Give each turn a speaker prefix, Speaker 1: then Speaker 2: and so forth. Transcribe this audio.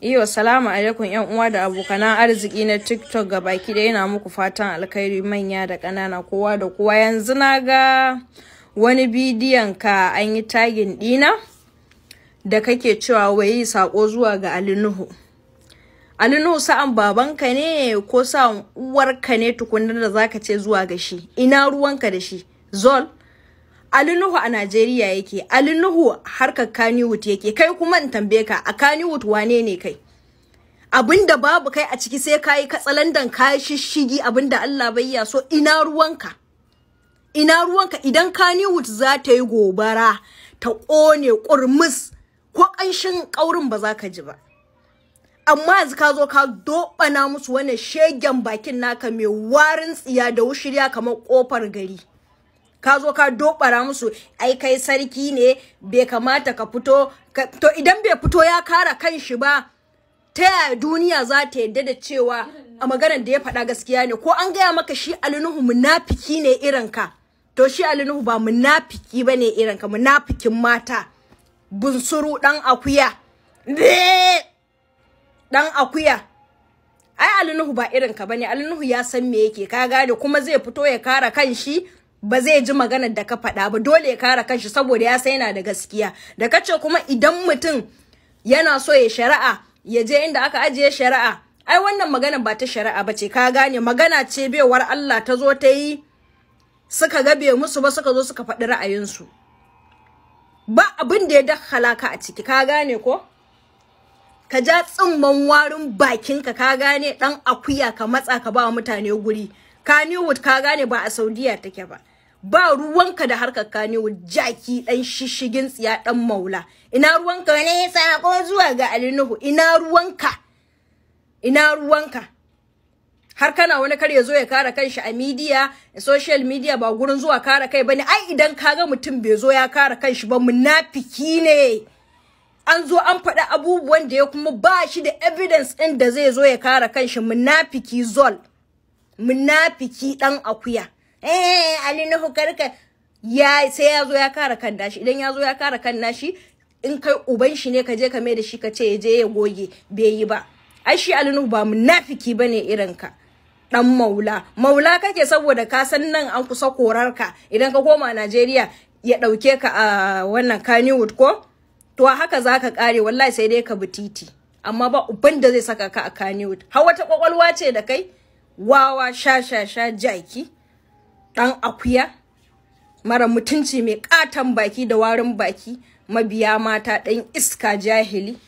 Speaker 1: Iyo salamu alaikum yan uwa da abokanan arziki na TikTok ga baki da yana muku fatan alkhairi manya da ƙanana kowa da kowa yanzu na ga wani bidiyon ka an yi tagin dina da kake cewa wai sako zuwa ga Alinuhu. Alinuhu sa'an babanka ne ko sa'an uwarka ne tukunar da zaka ce zuwa ga shi ina ruwanka da shi Zol Ali Nuhu a Najeriya yake, Ali Nuhu harkar Kannywood yake, kai kuma in tambaye ka a kaniwut wane ne kai? Abinda babu kai a ciki sai ka kayi katsalandan ka shishigi abinda Allah bai ya so ina ruwanka. Ina ruwanka idan kaniwut za ta yi gobara ta ƙone ƙurmus ko ƙanshin ƙaurin ba za ka ji ba. Amma yanzu ka zo ka doɓana musu wannan shegen bakin naka mai warin tsiya da wushiriya kamar kofar gari. ka zo ka dobara musu ai kai sarki ne bai kamata ka fito to idan bai fito ya kara kanshi ba ta yaya duniya za ta yadda da cewa a maganar da ya faɗa gaskiya ne ko an gaya maka shi alinuhu munafiki ne irin to shi alinuhu ba munafiki ba ne irin munafikin mata bunsuru ɗan akuya ɗan akuya ai alinuhu ba irin ka bane alinuhu ya san me yake ka gane kuma zai fito ya kara kanshi. shi ba zai ji maganar da ka faɗa ba dole ya kare kanshi saboda ya sai yana da gaskiya da ka ce kuma idan mutum yana so ya shari'a ya je inda aka ajiye shari'a ai wannan magana ba ta shari'a ba ce ka gane magana ce baiwar Allah ta zo ta yi suka gabe musu ba suka zo suka faɗi ra'ayinsu ba abin da ya dakhala ka a ciki ka gane ko ka ja tsimman warin bakinka ka gane dan akuya ka matsa ka ba mutane guri Kannywood ka gane ba a Saudiya take ba. Ba ruwanka da harkar Kannywood jaki dan shishigin tsiya dan maula. Ina ruwanka ne sako zuwa ga Alinuhu. Ina ruwanka? Ina ruwanka? Har kana wani kar ya zo ya kare kanshi a media, social media ba gurin zuwa kara kai bane. Ai idan kaga mutum bai zo ya kara kanshi ba munafiki ne. an zo an faɗi abubuwan da ya kuma ba shi da evidence ɗin da zai zo ya kara kanshi munafiki zol munafiki dan akuya eh ali nuhu karka ya sai ya zo ya kara kan dashi idan ya zo ya kara kan nashi in kai uban shi ne ka je ka mai da shi kace ce ya je ya goge bai yi ba ai shi ali nuhu ba munafiki bane irin ka dan maula maula kake saboda ka san nan an kusa korarka idan ka koma Najeriya ya dauke ka a wannan Kannywood ko to haka zaka kare wallahi sai dai ka bi titi amma ba uban da zai saka ka a Kannywood har wata kwakwalwa ce da kai wawa sha sha sha jaki ɗan akuya mara mutunci mai ƙaton baki da warin baki mabiya mata ɗan iska jahili